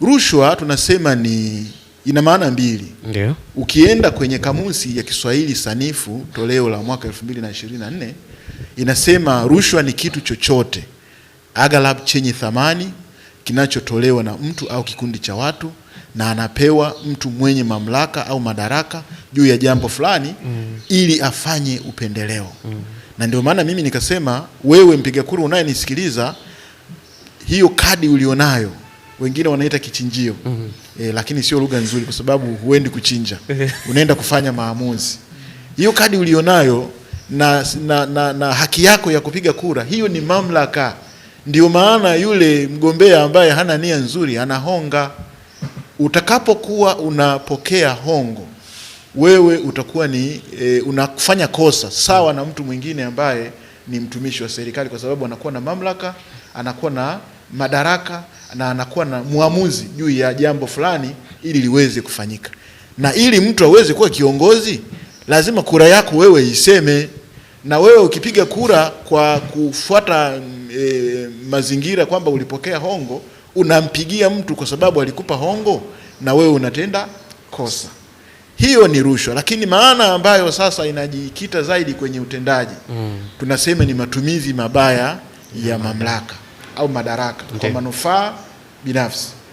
Rushwa tunasema ni ina maana mbili. Ndio. Ukienda kwenye kamusi ya Kiswahili sanifu toleo la mwaka 2024 inasema rushwa ni kitu chochote aghalab chenye thamani kinachotolewa na mtu au kikundi cha watu na anapewa mtu mwenye mamlaka au madaraka juu ya jambo fulani mm. ili afanye upendeleo mm. na ndio maana mimi nikasema, wewe mpiga kura unayenisikiliza, hiyo kadi ulionayo wengine wanaita kichinjio mm -hmm. E, lakini sio lugha nzuri kwa sababu huendi kuchinja unaenda kufanya maamuzi. Hiyo kadi ulionayo na, na, na, na haki yako ya kupiga kura hiyo ni mamlaka. Ndio maana yule mgombea ambaye hana nia nzuri anahonga. Utakapokuwa unapokea hongo, wewe utakuwa ni e, unafanya kosa sawa na mtu mwingine ambaye ni mtumishi wa serikali, kwa sababu anakuwa na mamlaka, anakuwa na madaraka na anakuwa na muamuzi juu ya jambo fulani ili liweze kufanyika. Na ili mtu aweze kuwa kiongozi, lazima kura yako wewe iseme. Na wewe ukipiga kura kwa kufuata e, mazingira kwamba ulipokea hongo, unampigia mtu kwa sababu alikupa hongo, na wewe unatenda kosa. Hiyo ni rushwa, lakini maana ambayo sasa inajikita zaidi kwenye utendaji mm, tunasema ni matumizi mabaya ya mamlaka au madaraka okay. kwa manufaa binafsi.